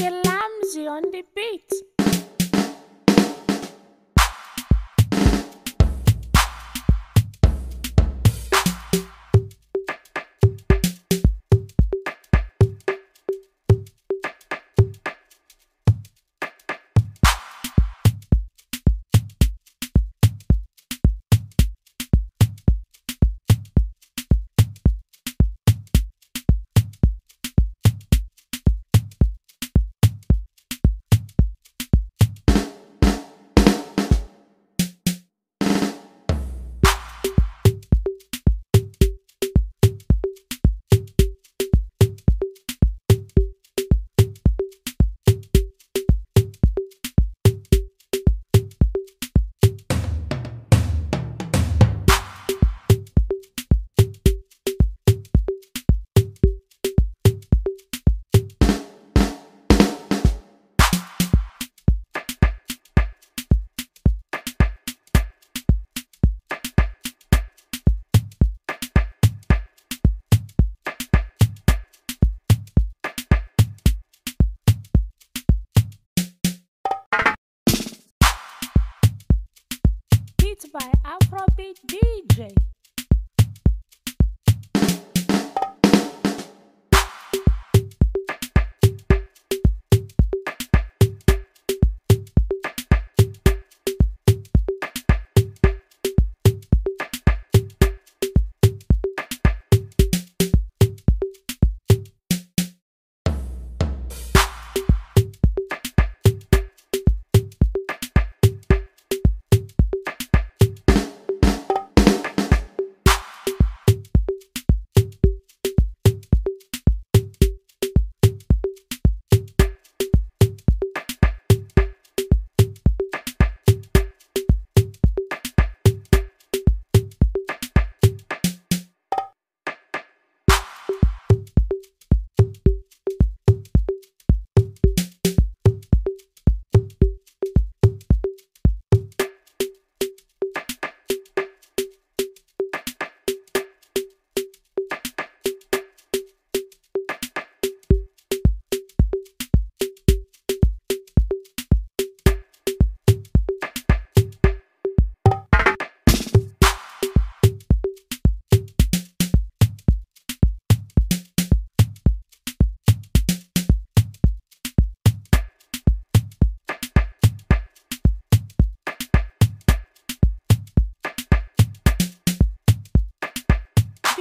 Ramsey on the beat. beats by Afrobeat DJ.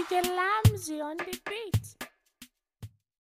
Miguel Lamzi on the beat.